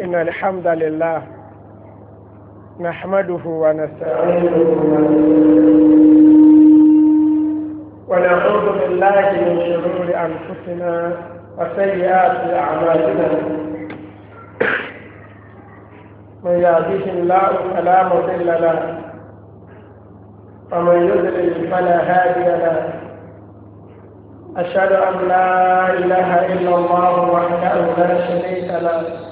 إن الحمد لله نحمده ونستعينه ونعوذ بالله من شرور أنفسنا وسيئات أعمالنا من يهديه الله فلا مضل له ومن يضلل فلا هادي له أشهد أن لا إله إلا الله وحده لا شريك له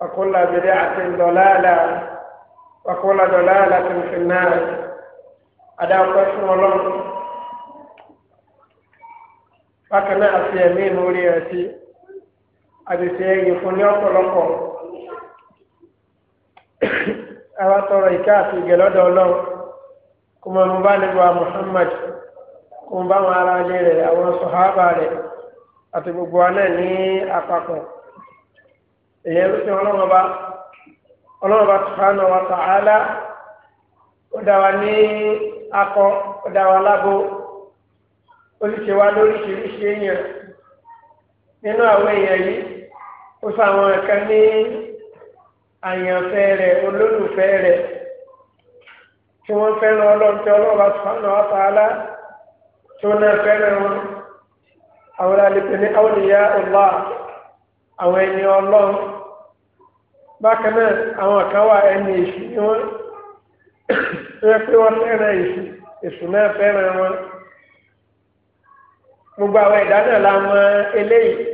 وكل بدعة ضلالة وكل ضلالة في النار أدا قسم الله فكما أسيا من ولياتي أدسيا يفني أطلقا أو تريكا في جلد الله كما مبالغ محمد كما مبالغ على جيره أو صحابه àti gbogbo alẹ́ ní èyàn ló ti ọlọ́run ọba ọlọ́run ọba sùhánà wa tààlà ó dá wa ní akọ ó dá wa lábo ó sì ṣe wá lóríṣiríṣi èèyàn nínú àwọn èèyàn yìí ó sọ àwọn kan ní àyànfẹ́ rẹ̀ olólùfẹ́ rẹ̀ tí wọ́n fẹ́ràn ọlọ́run tí ọlọ́run ọba sùhánà wa tààlà tí wọ́n náà fẹ́ràn wọn àwọn àlejò ní àwòrán ìyá ọlọ́run àwọn ẹni ọlọ́run bákan náà àwọn kan wà ẹni èṣù ni wọ́n yẹ pé wọ́n fẹ́ràn èṣù èṣù náà fẹ́ràn wọn gbogbo àwọn ẹ̀dá náà la mọ̀ eléyìí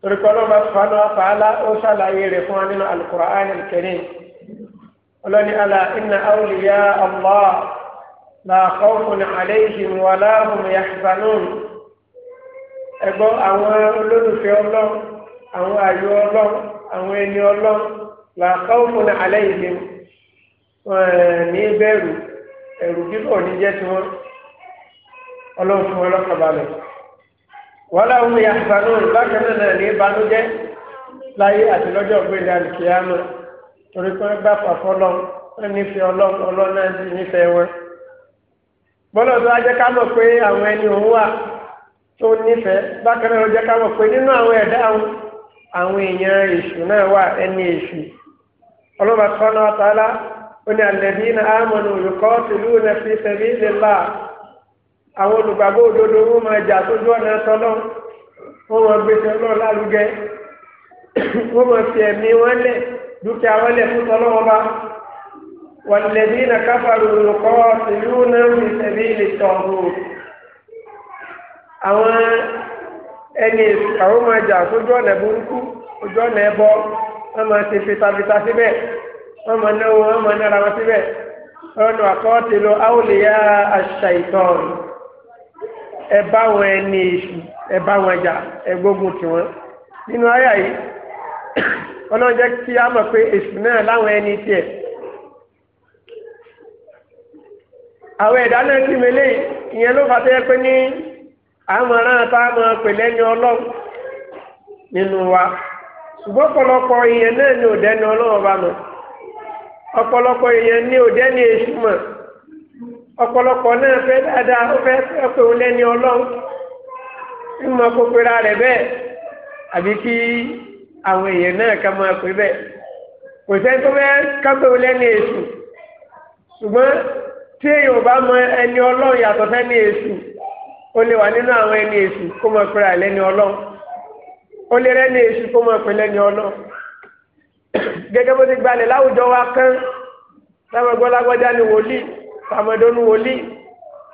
torí pé ọlọ́run bá sọ̀rọ̀ náà ó ṣàlàyé rẹ̀ fún wa nínú al-Qur'an al-Karim ọlọ́ni ala inna awliya Allah la khawfun alayhim wa la hum yahzanun ẹ̀gbọ́n àwọn olólùfẹ́ ọlọ́run. àwọn àyò ọlọ́run àwọn ẹni ọlọ́run làkà òfin alẹ́ ìdè wọn eh, ní bẹ̀rù ẹ̀rù kíkọ̀ ní jẹ́ tiwọn ọlọ́run fún wọn lọ́kàbalẹ̀ wàhálà òun yà bànú bákan náà ní ìbànújẹ́ láyé àti lọ́jọ́ ògbéni alìkìyàmù torí pé wọ́n gbà pàfọ́ wọ́n nífẹ̀ẹ́ ọlọ́run ọlọ́run náà sì nífẹ̀ẹ́ wọn bọ́lá tó ajẹ́ ká mọ̀ pé àwọn ẹni òun wà tó nífẹ̀ẹ́ bákan náà ká àwọn èèyàn èṣù náà wà ẹni èṣù ọlọ́ba sọ́nà ọ̀tàlá ó ní àlẹ́bí iná àmọ́nù olùkọ́ tìlú náà fi tẹ̀lé ìlélá àwọn olùgbàgbọ́ òdodo wọn máa jà sójú ọ̀nà tọ́lọ́ wọn máa gbèsè ọlọ́ọ̀ lálùgẹ wọn máa fi ẹ̀mí wọn lẹ̀ dúkìá wọn lẹ̀ fún tọ́lọ́ wọn bá wàlẹ́bí iná káfàrú olùkọ́ tìlú náà fi tẹ̀lé ìlẹ̀ tọ̀hún ẹni àwọn máa jà sójú ọ̀nà burúkú ojú ọ̀nà ẹbọ wọ́n máa ṣe fitafita síbẹ̀ wọ́n máa náwó wọ́n máa nára wọn síbẹ̀ ọ̀nà àkọ́ọ̀tì lọ áwòlẹ́yà àṣà ìtàn ẹ wọn ẹni èṣù ẹ wọn jà wọn nínú àyà yìí ọlọ́run jẹ́ kí a mọ̀ pé èṣù náà láwọn ẹni tiẹ̀ àwọn ẹ̀dá náà ti mẹ́lẹ̀ ìyẹn ló fà tẹ́ àmọ̀ràn tá a mọ̀ pèlè ní ọlọ́run nínú wa ṣùgbọ́n ọ̀pọ̀lọpọ̀ ìyẹn náà ní òde ní ọlọ́run ọba mọ̀ ọ̀pọ̀lọpọ̀ ìyẹn ní òde ní èṣù mọ̀ ọ̀pọ̀lọpọ̀ náà fẹ́ dáadáa ó fẹ́ fẹ́ òun lẹ́ni ọlọ́run ń mọ rẹ̀ bẹ́ẹ̀ àbí kí àwọn èèyàn náà ká máa pè bẹ́ẹ̀ kò sẹ́ni tó fẹ́ ká ó lè wà nínú àwọn ẹni èṣù kó mọ̀ pé àlẹ́ ni ọlọ́run ó lè rẹ́ ní èṣù kó mọ̀ pé lẹ́ni ọlọ́run gẹ́gẹ́ bó ti gbalẹ̀ láwùjọ wa kán táwọn ẹgbọ́n lágbọ́já ni wòlíì tàmọ̀dọ́nu wòlíì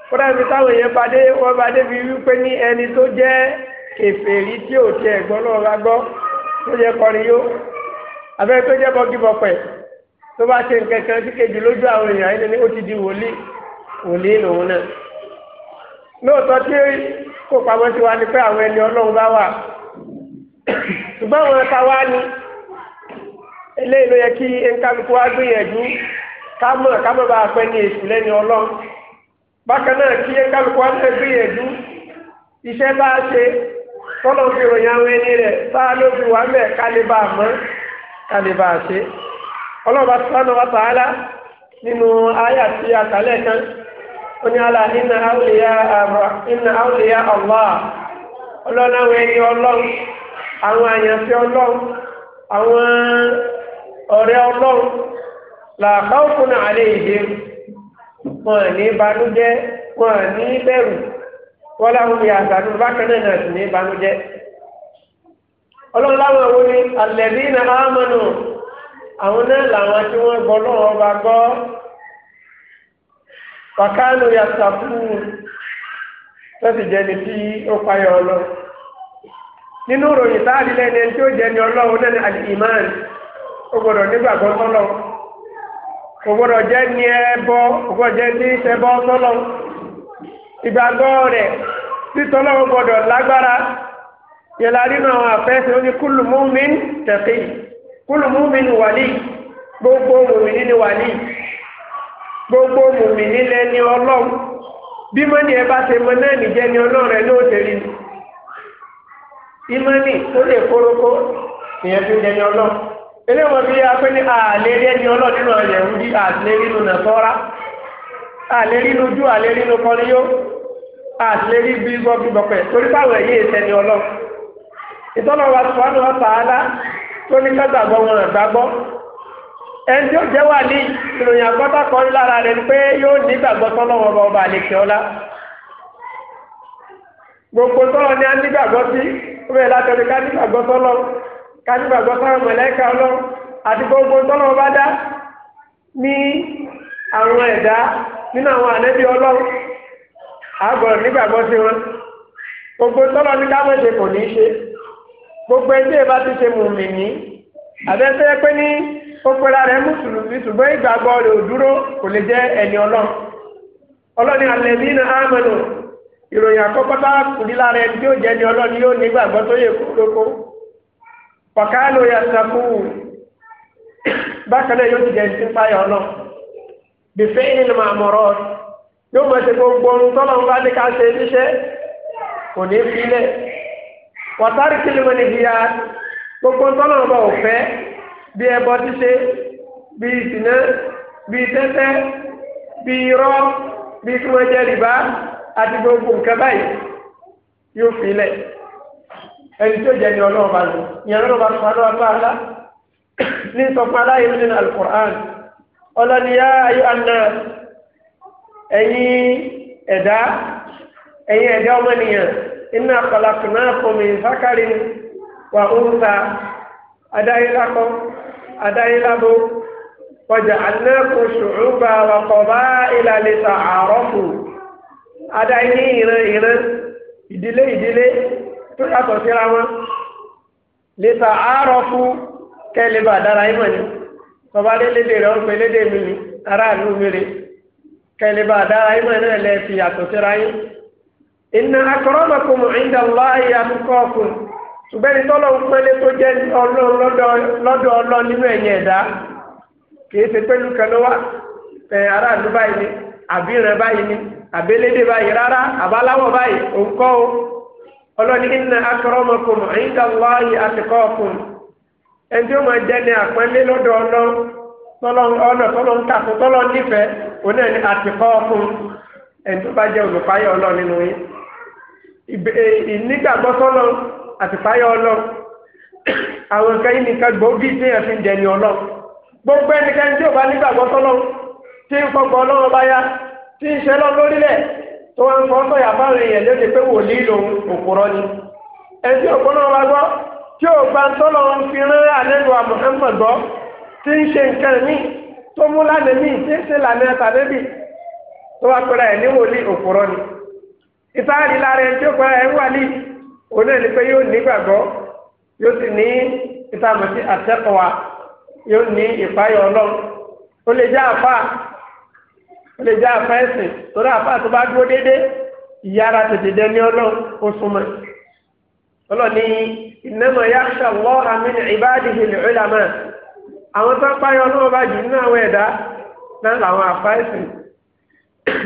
kódà mi táwọn èèyàn padé wọ́n padé fi wípé ní ẹni tó jẹ́ kèfèrí tí ò tiẹ̀ gbọ́ lọ́wọ́ bá gbọ́ tó jẹ́ kọrin yó abẹ́rẹ́ tó jẹ́ bọ́gìbọ̀pẹ̀ tó bá ṣe nǹkan kan sí kejì lójú àwọn èèyàn ẹni ó ti di wòlíì wòlíì lòun náà lóòótọ́ tí kò pamọ́ sí wa ni pé àwọn ẹni ọlọ́run bá wà ṣùgbọ́n àwọn ẹ̀ka wá ní eléyìí ló yẹ kí ẹnìkanukú wá gbìyànjú ká mọ̀ ká mọ̀ bá a pẹ́ ní èṣù lẹ́ni ọlọ́run bákan náà kí ẹnìkanukú wá náà gbìyànjú iṣẹ́ bá a ṣe tọ́lọ̀ fi ròyìn àwọn ẹni rẹ̀ bá a ló wà mẹ́ ká lè bá a mọ́ ká lè bá a ṣe ọlọ́run bá sọ́nà wa tààlà nínú àyà tí a kà oní àlà iná àwòlíyá Allah ọlọ́run àwọn ẹni ọlọ́run àwọn àyànfẹ́ ọlọ́run ìdè wọn ní wọn ní wọn yà àgbàdo náà sì ní àwọn náà àwọn náà làwọn tí bá kakaanu ya sapuru tẹsi jẹni ti o fayọ ọlọ ninu oroyin taari lẹni ẹni ti o jẹni ọlọ o lẹni ali iman o gbọdọ nigbagbọ tọlọ o gbọdọ jẹni ẹbọ o gbọdọ jẹni ìṣẹbọ tọlọ ìgbàgbọ rẹ titọlọ o gbọdọ lagbara yẹlẹ arinu àwọn afẹsẹ o ni kulu múmi tẹfẹ kulu múmi ni wàlí gbogbo múmi ni wàlí. gbogbo mùmí nílẹ̀ ni ọlọ́run bí mọ́ni ẹ bá ṣe mọ náà nìjẹ́ ni ọlọ́run ẹ lóò tẹ̀lé ni ìmọ̀ni tó lè kórókó ìyẹn fi jẹ́ ni ọlọ́run eléwọ̀n bí a pé ní àlèrí ẹni ọlọ́run nínú àyẹ̀wò bí àtìlérí nù nàtọ́ra àlèrí nù ju àlèrí nù kọ́ni yó àtìlérí bí bọ́bí bọ́pẹ́ torí báwo ẹ̀yẹ ìṣẹ́ ni ọlọ́run ìtọ́lọ́wà tó ní ọ̀tá ẹni tí ó jẹ́ wà ní ìròyìn àgbọ́tà kan lára rẹ̀ ni pé yóò ní gbàgbọ́ sọ́lọ́wọ́ ọba àlèkè ọlá gbogbo sọ́lọ́ ni a ní gbàgbọ́ sí ó bẹ̀rẹ̀ látọ̀dọ̀ ká ní gbàgbọ́ sọ́lọ́ ká ní gbàgbọ́ sáwọn mọ̀lẹ́kà ọlọ́ àti gbogbo sọ́lọ́ ọba dá ní àwọn ẹ̀dá nínú àwọn ànẹ́bí ọlọ́run àgọ̀rọ̀ nígbàgbọ́ sí wọn gbogbo sọ́lọ́ ní ká mọ̀ṣe kò ní ó pera rẹ̀ mùsùlùmí ṣùgbọ́n ìgbàgbọ́ rẹ̀ ò dúró kò lè jẹ́ ẹni ọlọ́run ọlọ́ni alẹ́mínà ámánù ìròyìn àkọ́kọ́ bá ẹni tí ó jẹ́ ni ọlọ́ni yóò ní gbàgbọ́ tó yẹ kórókó pàkálò yàtàkù bákan náà yóò ti jẹ́ ní fáyà ọlọ́ bìfẹ́ ìlú àmọ̀rọ̀ yóò mọ̀ sí gbogbo ohun tọ́lọ̀ ń bá ní ká ṣe níṣẹ́ kò ní fi lẹ̀ wàtárì kìlìmọ̀ nìyí ya gbogbo tọ́lọ̀ ń bá òfẹ́ bí ẹbọ ṣíṣe bí ìsìná bí tẹ́tẹ́ bí irọ́ bí kí wọ́n jẹ́ rìbá àti gbogbo nǹkan báyìí yóò fi lẹ̀ ẹni tó jẹ́ ní ọlọ́run bá lò ìyẹn lọ́rọ̀ bá sọ̀rọ̀ lọ́wọ́ bá ńlá ní sọ̀kan aláyé nínú alukur'an ọlọ́niyá ayé àná ẹ̀yin ẹ̀dá ẹ̀yin ẹ̀dá ọmọnìyàn iná kọlàkùnà kọmi sákàrin wà ó ń ta adáyé lákọ́. adáyélábó wàjà alẹ́kùn ṣùgbọ́n àwàkọ̀bá ìlàlẹ́ta àárọ̀kù adáyé ìran ìran ìdílé ìdílé tó yàtọ̀ síra wọn lẹ́ta àárọ̀kù kẹ́lẹ́bà dára ìmọ̀ ni tọ́ba lé rẹ̀ ọ̀pẹ lédè mi ni aráàlú mi rè kẹ́lẹ́bà dára ìmọ̀ náà lẹ́ fi yàtọ̀ síra inna akramakum inda ṣùgbẹ́ni tọ́lọ́run pẹ́lẹ́ tó jẹ́ lọ́dọ̀ ọlọ́ nínú ẹ̀yìn ẹ̀dá kìí ṣe pẹ́lú kẹlọ́wà ará ìlú báyìí ni àbírẹ̀ báyìí ni àbélédè báyìí rárá àbáláwọ̀ báyìí òǹkọ́ o ọlọ́ni iná akọ̀rọ̀ ọmọkùnrin àyíká wáyé àtẹ̀kọ́ ọkùnrin ẹni tí ó máa jẹ́ ni àpẹ́lẹ́ lọ́dọ̀ ọlọ́ tọ́lọ́ ọ̀nà tọ́lọ́ ń kà àtìfáyọ̀ ọlọ́run àwọn nǹkan yìí nìkan gbòógì tí èèyàn fi ń dẹni ọlọ́run gbogbo ẹnikẹ́ni tí ò bá nígbàgbọ́ sọ́lọ́run tí ń fọgbọ́ ọlọ́run bá yá tí ń ṣe lọ lórílẹ̀ tó wá ń fọ́ sọ̀yà báwọn èèyàn lóde pé wòlíì lòun òpùrọ́ ni ẹtí òpónà wa gbọ́ tí ò gbà ń tọ́lọ̀ ń fi rán àlẹ́lu Muhammad gbọ́ tí ń ṣe nǹkan mí tó mú lánàá mí tí ń ṣe lànà tàbẹ́bì tó wá pẹ́ra ẹ̀ ní wòlíì òpùrọ́ ni ìsáàlì lára ẹ̀ òun náà ni pé yóò ní gbàgbọ́ yóò sì ní ìtàmùtí àtẹ́kọ̀wá yóò ní ìpáyọ̀ ọlọ́run ó lè jẹ́ àfa ó lè jẹ́ àfa ẹ̀sìn torí àfa tó bá dúró dédé ìyára tètè dẹni ọlọ́run ó súnmọ́ ọlọ́ni innama yakhsha Allaha min ibadihi al-ulama àwọn tó páyọ̀ ọlọ́run bá jù nínú àwọn ẹ̀dá náà làwọn àfa ẹ̀sìn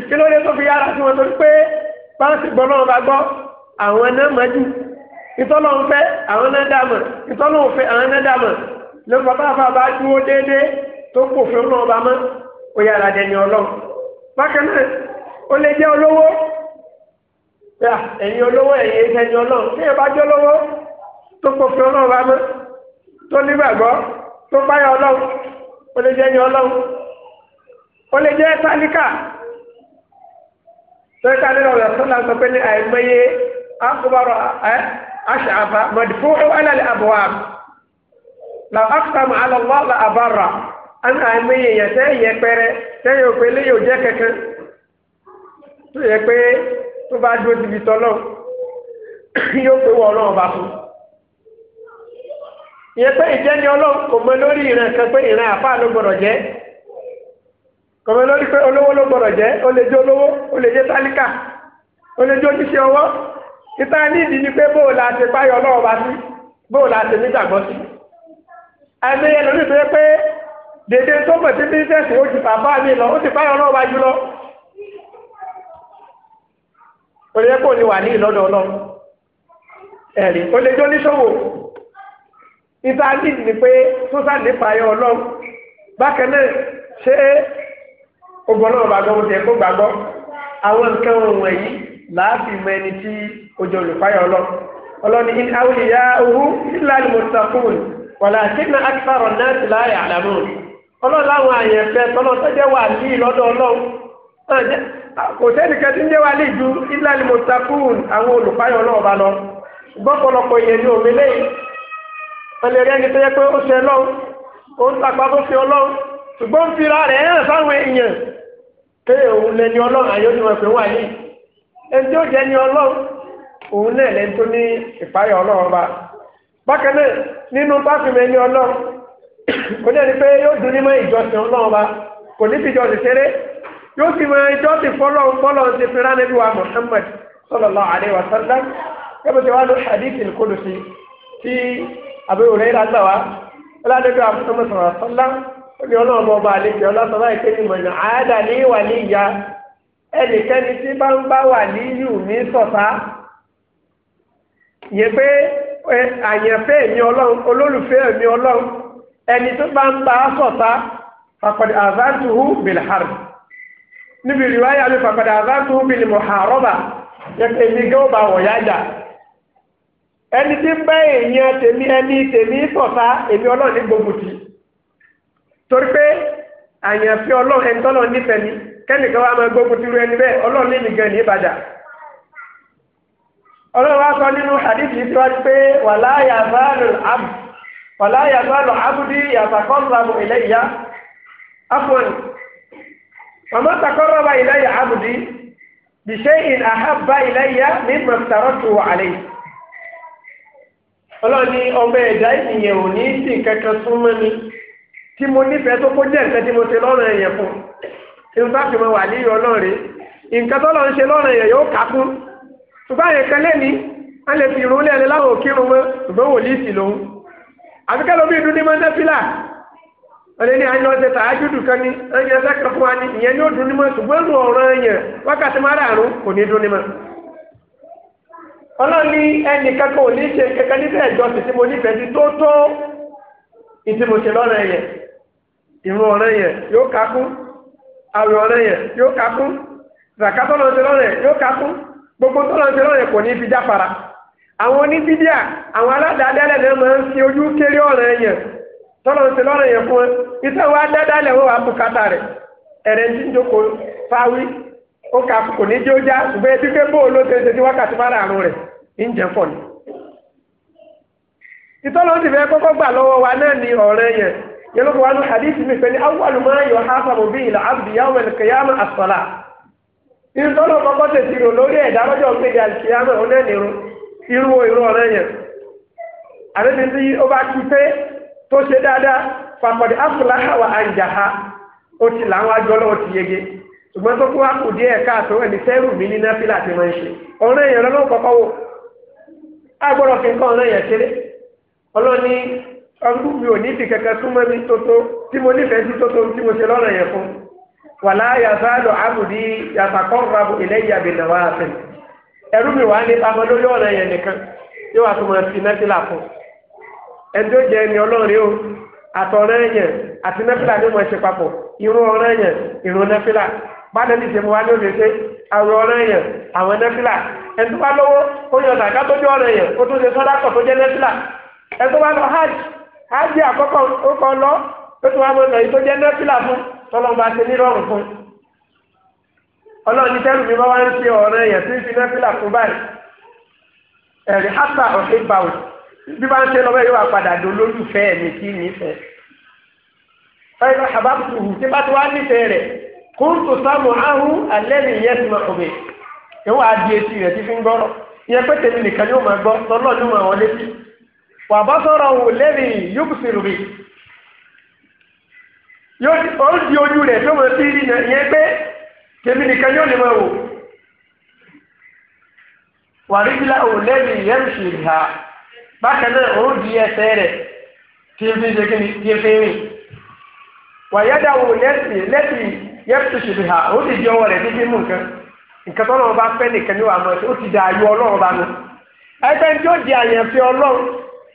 kí ló dé tó fi yára sí wọn torí pé báńsì gbọ́ náà bá gbọ́ àwọn náà mọ̀ jù ìtọ́lọ̀ ń fẹ́ àwọn náà dà mọ̀ ìtọ́lọ̀ ń fẹ́ àwọn náà dà mọ̀ lọ́wọ́ bàbá àfa bá dúró déédéé tó kò fún náà bá mọ́ ó yára dẹni ọlọ́run bákan náà ó lè jẹ́ olówó ẹ̀yin olówó ẹ̀yin ẹ̀sẹ̀ni ọlọ́run tí ẹ bá jẹ́ olówó tó kò fún náà bá mọ́ tó nígbàgbọ́ tó báyọ̀ ọlọ́run ó lè jẹ́ ẹni ọlọ́run ó lè jẹ́ tálíkà tó ń tálíkà ọ̀rọ̀ sọ́nà sọ pé ní àìmọye أكبر أشعب مدفوع على الأبواب لو أقسم على الله لأبر أن أمي يتي يكبر تيو كلي يجكك يكبر تبعد بتلو yóò pé wọ ọlọ́run bá fún ìyẹn pé ìjẹni ọlọ́run kò mọ lórí ìran kan pé ìran àfáà ló gbọ́dọ̀ jẹ́ kò mọ lórí pé olówó ló gbọ́dọ̀ jẹ́ ó lè olówó ó lè tálíkà ó lè jẹ́ oníṣẹ́ ìta nídìí ni pé bóò la ṣe báyọ̀ ọlọ́wọ́ bá sí bóò la ṣe nígbàgbọ́ sí. àmì ẹlòmíì tó yẹ pé dèdè tó mọ̀ sí bísẹ̀sì ó ju bàbá mi lọ ó sì báyọ̀ ọlọ́wọ́ bá jù lọ. ó yẹ kó ní wà ní ìlọ́dọ̀ ọlọ́run ẹ̀rí ó lè jó níṣòwò ìta nídìí ni pé tó sáà nípa ayọ̀ ọlọ́run bákan náà ṣé ogun ọlọ́wọ́ bá gbọ́ mo ti kó gbàgbọ́ àwọn nǹkan wọ̀nyí láàfin mọ ẹni tí ó jẹ olùpáyà ọlọ ọlọ́ni in awliya'uhu illa al na walakinna akthara la ya'lamun ọlọ́run láwọn àyẹ̀fẹ́ tọ́lọ́ tó wà ní lọ́dọ̀ ọlọ́run kò sẹ́ni kẹ́tí ń jẹ́ ní ju illa al àwọn olùpáyà bá lọ gbọ́pọ̀lọpọ̀ ìyẹn ní pé ó ó ń tàpá ẹni tí ó jẹ́ ní ọlọ́run òun náà lẹ́ni tó ní ìpáyà ọlọ́run bá bákan náà nínú báfìmẹ̀ ní ọlọ́run kò ní ẹni pé yóò dún nímọ̀ ìjọsìn ọlọ́run bá kò ní fìjọ ṣeré yóò sì mọ ìjọsìn fọlọ́run fọlọ́run ti fi ránẹ́bí wa Muhammad sallallahu alaihi wasallam kẹ́bùtì wa ló hadith al-Qudsi tí Abu Hurairah gbà wá ọlọ́dẹ́bí wa Muhammad sallallahu alaihi wasallam ọlọ́run ọba àlejò ọlọ́sọ̀rọ̀ ìkéyìí mọ̀ ní àádà ní ìwà ní ẹnikẹ́ni tí bá ń bá wà níyù ní sọ̀tá yẹ pé àyànfẹ́ èmi ọlọ́run olólùfẹ́ èmi ọlọ́run ẹni tó bá ń bá sọ̀tá fàkọ̀dé àzántúhù bilhar níbi ìrìwáyà mi fàkọ̀dé àzántúhù bilmuharoba yẹ pé èmi gẹ́wò bá wọ̀ yájà ẹni tí bá èèyàn tèmi ẹni tèmi sọ̀tá èmi ọlọ́run ní gbogbo tì torí pé àyànfẹ́ ọlọ́run ẹni tọ́lọ́run nífẹ̀ẹ́ kẹ́nìkan wa máa gbógun tìrú ẹni bẹ́ẹ̀ ọlọ́run lè nìkan ní ìbàdà ọlọ́run wa sọ nínú hadith yìí tiwájú pé wàlá yàtọ̀ àbù wàlá yàtọ̀ àbùdí yàtọ̀ kọ́ńtàbù ilé ìyá afọ́n màmá takọ́rọ́bà ilé ìyá àbùdí bìṣẹ́ ìn àhábà ilé ìyá ní mọ̀tàrọ́tù àlẹ́ ọlọ́run ní ọmọ ẹ̀dá ènìyàn ní sí nǹkan súnmọ́ mi tí mo nífẹ̀ẹ́ tó kó jẹ́ nǹkan tí mo ti lọ́rùn ẹ̀yẹ̀ fún un irun bá fi mọ wà níyọ lọ́rẹ̀ nǹkan tó lọ ń ṣe lọ́rẹ̀ yẹn yóò kà fún ṣùgbọ́n àyè kan lẹ́ni wọ́n lè fi irun lé ẹni láwọn òkírun mọ́ ṣùgbọ́n wòlíì sì lòun àbíkẹ́ lómi ìdún ní mọ́tẹ́fílà ọ̀lẹ́ ní àyọ̀ ṣe tààjúdù kan ní ẹ̀yẹ sẹ́kẹ̀ fún wa ní ìyẹn ní ó dún ní mọ́ ṣùgbọ́n àwọn ọ̀rẹ́ yẹn yóò ká fún zaka tọ́lọ̀ lọ́rẹ̀ yóò ká fún gbogbo tọ́lọ̀ lọ́rẹ̀ kò ní fi jáfara àwọn oníbídíà àwọn aládàádálẹ̀ náà máa ń fi ojú kéré ọ̀rẹ́ yẹn tọ́lọ̀ yẹn fún ẹ iṣẹ́ wa rẹ̀ ẹ̀rẹ́ ń fáwí ó ká kò ní jó já ṣùgbọ́n ẹbí pé yẹlẹ́ wọn ní hadith mi awo awọ́lu máa yọ hasabu bíi ilà abdi yawm al-qiyamah as-sala. ìtọ́lọ̀ kọ́kọ́ tètè rò lórí ẹ̀dá lọ́jọ́ péjì àlùkìyàmà ọ̀nà ìrù irú irú ọ̀nà yẹn. àdébí tí ó bá ti pé tó ṣe dáadáa fàkọ̀dé afúláhà wà àǹjàha ó ti làwọn àjọ lọ́wọ́ ti yege ṣùgbọ́n tó kó wá kù díẹ̀ káàtó ẹni fẹ́rù mi ní náfìlà ti máa ń ṣe ọ̀nà yẹn lọ́wọ́ kọ́kọ́ wò á gbọ́dọ̀ fi nǹkan ọdún mi ò ní fi kẹ̀kẹ́ súnmọ́ mi tótó tí mo nífẹ̀ẹ́ sí tótó tí mo ṣe lọ́nà yẹn fún wàlá yazalu abudi yataqarrabu ilayya bin nawafil ẹrú mi wà ní pamọ́ lórí ọ̀nà yẹn nìkan yóò wá tó máa fi nẹ́fìlà fún ẹjọ́ jẹ ẹni ọlọ́rin o àtọ̀rẹ́ yẹn àti nẹ́fìlà ni mo ṣe papọ̀ irun ọ̀rẹ́ yẹn irun nẹ́fìlà bàtẹ́ ní ìṣẹ̀mú wa ló lè ṣe àwọn ọ̀rẹ́ yẹn àwọn nẹ́fìlà ẹni tó bá lówó ó yọ sàkátó jọ ọ̀rẹ́ yẹn ó tún ṣe sọ́dákọ̀ ájì àkọ́kọ́ ó kọ́ lọ ó tún wá mọ́ lọ yìí tó jẹ́ nọ́fìlà fún tọ́lọ́mọba ti nírọ̀rùn fún ọlọ́ọ̀ni tẹ́lù mi bá wá ń ṣe ọ̀rọ̀ ẹ̀yàn tí ń fi nọ́fìlà fún báyìí ẹ̀rí ápá ọ̀hìn báwò bí bá ń ṣe lọ́wọ́ yóò wá padà dùn lólùfẹ́ mi kí nífẹ̀ẹ́ fẹ́ẹ́ àbábùkù tí bá ti wá nífẹ̀ẹ́ rẹ̀ kóńtò sámù áhùn alẹ́ mi yẹn ti máa kọ̀wé yóò wá di etí rẹ̀ tí fi ń gbọ́rọ̀ ìyẹn pé tèmi nìkan yóò máa gbọ́ tọ́lọ́ọ̀ni máa wọlé sí i. Wa òun lẹ́ni rí ó di ojú rẹ̀ tó mọ̀ sí rí yẹn pé tèmi nìkan yóò lè máa wò wàrígbìlá òun ha bákan náà ó di ẹsẹ̀ rẹ̀ tí ó fi ṣe kí ni fi rìn ha ó sì di ọwọ́ rẹ̀ títí mú nǹkan nǹkan tó lọ́wọ́ bá fẹ́ nìkan ní wàá mọ̀ ó ti dà ọlọ́run bá ẹgbẹ́ tí ó di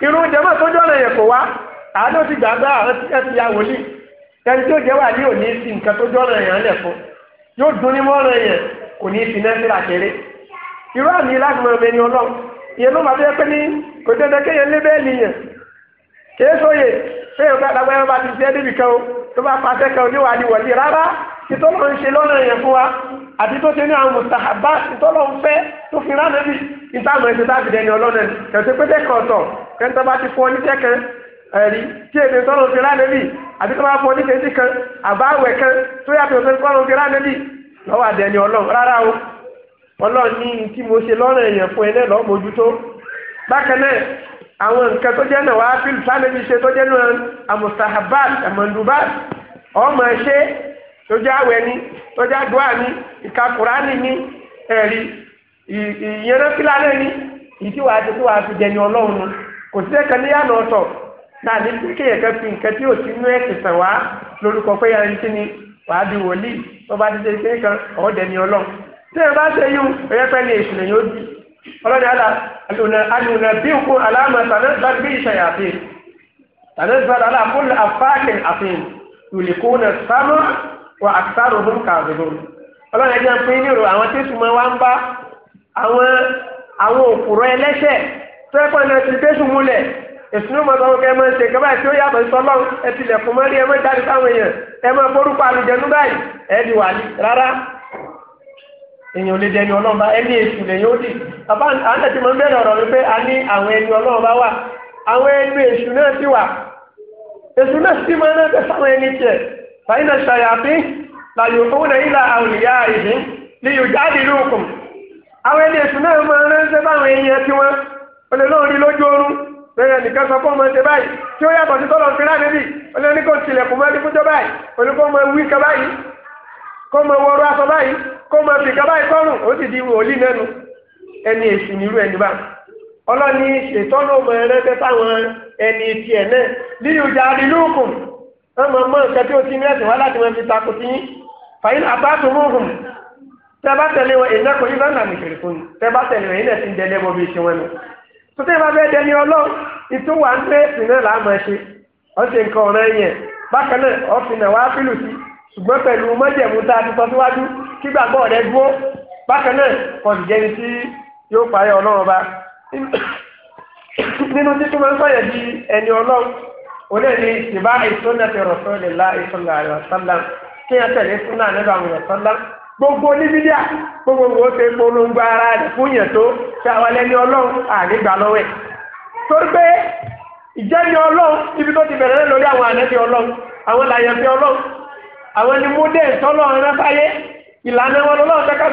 irun jẹmọ́ tó jọ́nà yẹn kò wá àádọ́ ti gbàgbá ẹ̀sìn ya wòlíì ẹni tí ó jẹ́ wà ní òní sí nǹkan tó jọ́nà yẹn lẹ̀ fún yóò dún ní mọ́ọ̀rọ̀ yẹn kò ní fi nẹ́sìn àkéré irú àmì lágbọ̀n ọmọ ẹni ọlọ́run ìyẹn ló máa fi ẹ pé ní kò tẹ́tẹ́ kéèyàn lé bẹ́ẹ̀ nìyẹn kéésòye ṣé ìwé àdàgbà yẹn bá ti ṣe débi kan o tó bá pa akẹ́kẹ́ oníwà ni wọ̀lí rárá tí tó lọ ń ṣe lọ́nà yẹn fún wa àti tó ṣe ní àwọn mùsàbá tí tó lọ ń fẹ́ tó fi ránà bí ìtààmù ẹ̀ṣẹ̀ táàbì dẹni ọlọ́nà kẹ̀sẹ̀ pété kọ̀ọ̀tọ̀ kẹ́ńtà bá ti fún ọ ní kẹ́kẹ́ ẹ̀rí tí èdè tó lọ fi ránà bí àti tó bá fún ọ ní kẹ́sì kan àbáwẹ̀ kan tó yàtọ̀ tó lọ fi ránà bí lọ́wọ́ àdẹni ọlọ́run rárá o ọlọ́run ní tí mo ṣe lọ́nà yẹn fún ẹ náà lọ́ àwọn nǹkan tó jẹ́ náà wàá fi lùtánẹ́bí ṣe tó jẹ́ náà amustahabat amandubat ọmọ ṣe tó jẹ́ àwẹ̀ ni tó jẹ́ àdúrà ni ìka kùránì ni ẹ̀rí ìyẹnàfílàlẹ̀ ni ìdí wàá ti tó wàá fi jẹni ọlọ́run kò sí ẹ̀kan níyànà ọ̀tọ̀ náà ní kéèyàn kan fi nǹkan tí ò sí inú ẹ̀ tẹ̀sán wá lórúkọ pé yàrá ti ni wàá di wòlíì tó bá ti ṣe kéèkan ọ̀ọ́dẹni ọlọ́run tí ẹ bá ṣe yún ẹ̀yẹ́pẹ́ ni èṣù ọlọ́ni alùnà bí kú aláàmà tànẹ́sà bí ìṣẹ̀yà àfihàn tànẹ́sà aláàkúlù àfáàkìn àfihàn tùlìkú na sámú wà àkàrò fún kàbìrò ọlọ́ni ẹjẹ́ ń pín nírò àwọn tí sùnmọ́ wá ń bá àwọn àwọn òkúrọ̀ ẹlẹ́ṣẹ̀ tó ẹ̀kọ́ náà ti dé sùn múlẹ̀ ìsúnú mọ̀ sọ́wọ́ kẹ́ ẹ máa ń ṣe nǹkan báyìí tí ó yàtọ̀ sọ́lọ́ ẹ tilẹ̀ fún mọ́rí ẹni èṣù lèyìn ó dì bàbá àǹtẹ̀tì mọ́ bẹ́ẹ̀ lọ̀rọ̀ wípé a ní àwọn ẹni ọlọ́run bá wà àwọn ẹni èṣù náà sì wà èṣù náà sì máa náà tẹ̀sán àwọn ẹni tiẹ̀ fàyínà ṣàyàfi làyò owó náà ìlà àwòrìyá ìdí ni yóò jáde lóòkùn àwọn ẹni èṣù náà máa ránṣẹ́ báwọn ẹni ẹtí wọn olè lóòrí lójú oorun bẹ́ẹ̀ nìkan sọ fún ọmọ ẹsẹ̀ báyìí tí ó yàtọ̀ sí tọ́lọ̀ fi láàrin bì olè ní kò mọ́ báyìí mọ ẹni èsì nírú ẹni bá ọlọ́ni ṣètọ́nù ọmọ ẹrẹ́tẹ́ táwọn ẹni tiẹ̀ náà lílù jà àdìlúkùn ọmọ ọmọ nǹkan tí ó ti ní ẹ̀sìn wá láti wọn fi takò sí fàyín àbáṣọ mọ́hùn tẹ bá tẹ̀lé wọn kò fún tẹ bá tẹ̀lé wọn ti ń bí wọn dẹni ọlọ́run ìtúwà ń tẹ́ náà yóò parí ọlọ́run ọba nínú títí máa ń sọ̀yẹ̀ di ẹni ọlọ́run olè ní ìbá sunnati rasulillahi sallallahu alaihi wasallam kí ẹ tẹ̀lé súnà nígbà àwọn ọ̀sánlá gbogbo oníbídíà gbogbo wo ṣe polongo ara rẹ̀ fún yẹn tó ṣe àwọn ẹni ọlọ́run àgbégbà lọ́wọ́ ẹ̀ torí pé ìjẹ́ni ọlọ́run ibi tó ti bẹ̀rẹ̀ lórí àwọn ànẹ́bí ọlọ́run àwọn làyẹ̀bí ọlọ́run àwọn ẹni mú dé ìtọ́lọ́run rẹ́ fáyé ìlànà wọn lọ́lọ́run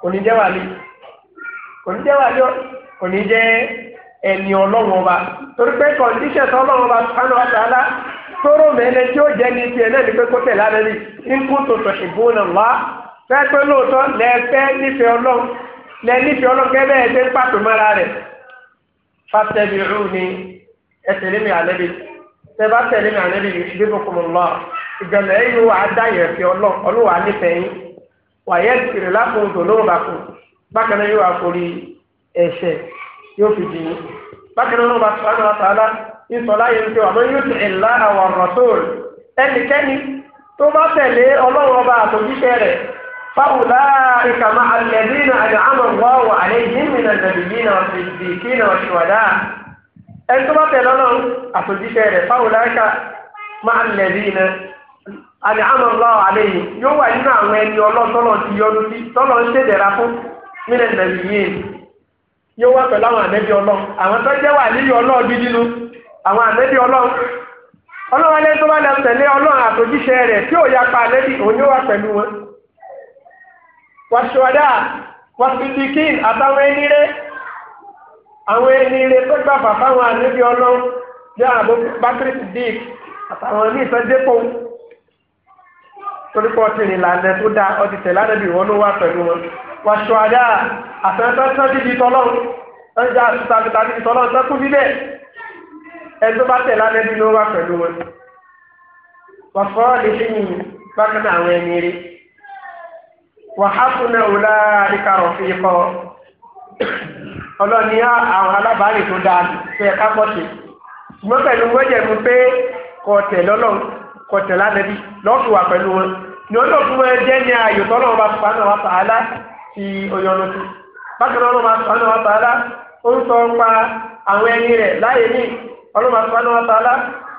kò ní jẹ́ wàlí kò ní jẹ́ ẹni ọlọ́run ọba torí pé kọ̀ǹdíṣẹ̀ tó ọlọ́run ọba sánú àtàlá tóró mẹ́lẹ̀ tí ó jẹ́ ní tiẹ̀ náà ní pé kó tẹ̀lé àdẹ́rì ikú tuntun ìbúnà wá fẹ́ pé lóòótọ́ lẹ́ẹ̀fẹ́ nífẹ̀ẹ́ ọlọ́run lẹ́ẹ̀nífẹ̀ẹ́ ọlọ́run gẹ́gẹ́ bẹ́ẹ̀ ṣe ń pàtó mọ́ra rẹ̀ rú ni ẹ wàyẹ tìrì lákùn tó lóhùn bàkùn bákan náà yóò àforí ẹ̀ṣẹ̀ yóò fi dìyìn bákan náà lóhùn bàkùn àwọn àtàlà ìsọlá yẹn tó àmọ́ yóò ti ẹlá àwọn rọtóòlù ẹnikẹ́ni tó bá tẹ̀lé Ọlọ́run ọba àtòjíṣẹ́ rẹ̀ فأولئك مع الذين أنعم الله عليهم من النبيين والصديقين والشهداء أنتم تلون أتجيشير فأولئك مع الذين alihamdulilayi aleyhi yóò wà nínú àwọn ẹni ọlọ́tọ́lọ́ ti yọnu sí tọ́lọ́ ń ṣèdẹ̀ra fún nílẹ̀ nàìjíríà yóò wá pẹ̀lú àwọn ànẹ́bí ọlọ́ àwọn tó jẹ́ wà níyì ọlọ́ọ̀dún nínú àwọn ànẹ́bí ọlọ́ ọlọ́wọ́lẹ́ tó bá lọ tẹ̀lé ọlọ́run àtòjíṣẹ́ rẹ̀ tí ò ya pa ànẹ́bí òun yóò wá pẹ̀lú wọn. wàṣọdá wàṣídìkín àtàwọn ẹni àwọn ẹni tó gbà torí pé ọtí ìlànà tó dáa ọtí tẹ̀lé ànábì wọn ló wà pẹ̀lú wọn. wà á ṣọ àdá àfẹ́fẹ́ sán dídí tọ́lọ́run ẹ̀ ń já àtúntà dídí tọ́lọ́run sẹ́kù níbẹ̀ ẹ̀ tó bá tẹ̀lé ànábì ló wà pẹ̀lú wọn. wà fọ́ lè ṣe yìnyín bákan àwọn ẹni rí. wà á fún náà òlà ìkarọ̀ fi kọ́ ọlọ́ni àwọn alábàárì tó dáa fẹ́ ká kọ̀tẹ̀lá nẹ́bí lọ́ọ̀tùwà pẹ̀lú wọn ni ó yóò fún wọn jẹ́ ní ayò tọ́lọ́ ọba sùpánù wa tààlà ti oyọnu sí bákan náà ọlọ́mà sùpánù wa tààlà ó ń sọ pa àwọn ẹni rẹ̀ láyé ní ọlọ́mà sùpánù wa tààlà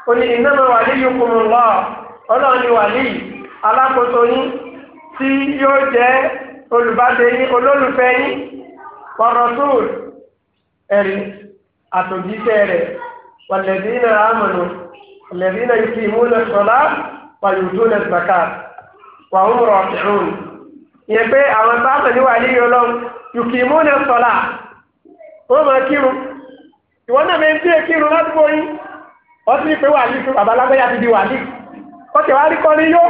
ó ní innama waliyukum Allah ọlọ́run ni wàlí alákòóso yín tí yóò jẹ́ olùbáṣe yín olólùfẹ́ yín warasul ẹ̀rí àtòjíṣẹ́ rẹ̀ walladina amanu الذين يقيمون الصلاة ويؤتون الزكاة وهم راكعون yẹn pé àwọn sáàtà ní wà níyọ lọ yùkìmú ní sọlá wọn máa kírun ìwọ náà máa ń tíye kírun ládùúgbò yín wọn sì ní pé wà níyọ babalágbéyà ti di wà níyọ ọtí wàá rí kọrin yó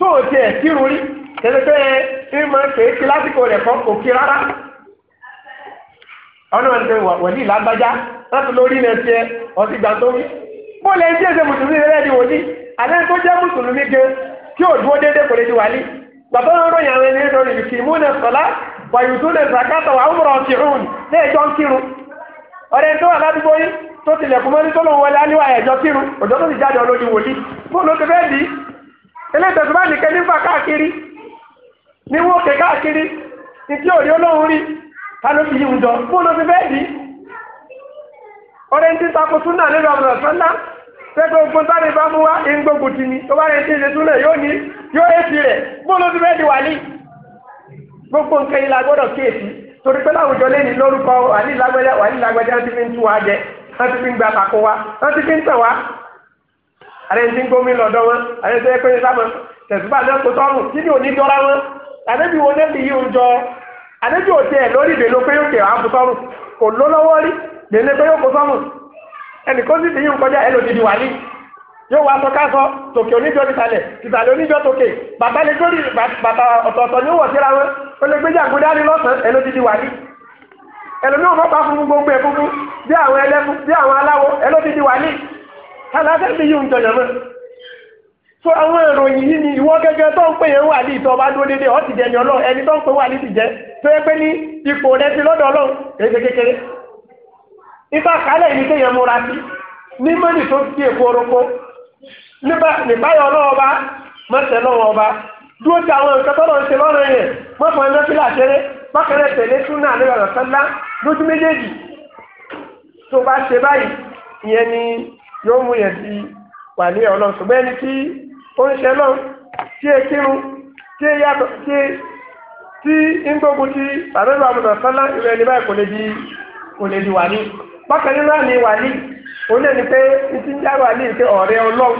tó o tiẹ̀ kírun rí tẹ́lẹ̀ pé ẹ máa ń pè é kí lásìkò rẹ̀ kọ́ kò kí rárá ọ̀nà wọn ti wọ̀lì lágbájá láti lórí ilẹ̀ tiẹ̀ ọtí gbà tó rí bó lè jẹ́ ẹsẹ̀ mùsùlùmí rẹ̀ ni wòlíì àlẹ́ tó jẹ́ mùsùlùmí gan kí ò dúró déédéé kò lè di wàlí bàbá wọn ròyìn àwọn ẹni lórí ìkì mú ní sọlá wàyùtú ní zakata wà ọmọrọ ti rún ní ẹjọ ń kírun ọ̀rẹ́ tó wà ládùúgbò yìí tó tilẹ̀ kú mọ́ni tó lòun wọlé aníwá ẹ̀jọ kírun òjò tó ti jáde olódi wòlíì fún ló ti fẹ́ di eléyìí bá nìkan nífà káàkiri níwó kè káàkiri ìdí òrí olóhùn rí ta fi yí ọ̀rẹ́ ti takò súnà nínú àbúrò sọ́lá pẹ́pẹ́ ogun tó lè bá mú wá ní gbogbo tì ní tó bá rẹ̀ ti ṣe súnà yóò ní yóò èsì rẹ̀ bóòlù ti bẹ́ẹ̀ di wà ní. gbogbo nǹkan yìí la gbọ́dọ̀ kíyèsí torí pé láwùjọ lẹ́ni lórúkọ wàlí lágbẹ́dẹ́ wàlí lágbẹ́dẹ́ wọ́n ti fi ń tú wa jẹ wọ́n ti fi ń gba àpapọ̀ wa wọ́n ti fi ń tàn wa. àrẹ ti ń gómi lọ́dọ̀ wọn àrẹ ti pé sábà ni ò ní dọ́ra wọn àdébí wo náà ti gbèlè tó yóò kó sọ́mù ẹni kó sì ti yín kọjá ẹlòdìdì wà ní yóò wá sọkásọ tòkè oníjọ tìtàlẹ̀ tìtàlẹ̀ oníjọ tòkè bàtà lè gbórí bàtà ọ̀tọ̀ọ̀tọ̀ ni ó wọ̀ síra wọn ó lè gbéjà gbódá ní lọ́sàn ẹlòdìdì wà ní ẹlòmí ò mọ́pá fún gbogbo bí àwọn ẹlẹ́fún bí àwọn ẹlòdìdì wà ní mọ́ so àwọn ìròyìn yìí ni ìwọ tó ń pè yẹn wà ní ìtọ́ bá ipa kálẹ̀ ní kéèyàn múra sí ní mọ́nì tó di èkó orúkọ níbáyọ̀ ọlọ́wọ́ bá mọ́tẹ̀ lọ́wọ́ bá dúró ti àwọn nǹkan ṣe lọ́rọ̀ yẹn fílà ṣeré tẹ̀lé sọ́lá lójú méjèèjì tó bá ṣe báyìí ìyẹn ni yóò mú yẹn ti wà ní ṣùgbọ́n ẹni tí ó ń ṣe tí e kírun tí e yàtọ̀ tí ń gbógun ti àdéhùn àmọ̀tàn sọ́lá ìrẹ́ni báyìí kò lè di wà ní. bákan nínú àmì wàlí òun náà ni pé ti ń já wàlí pé ọ̀rẹ́ ọlọ́run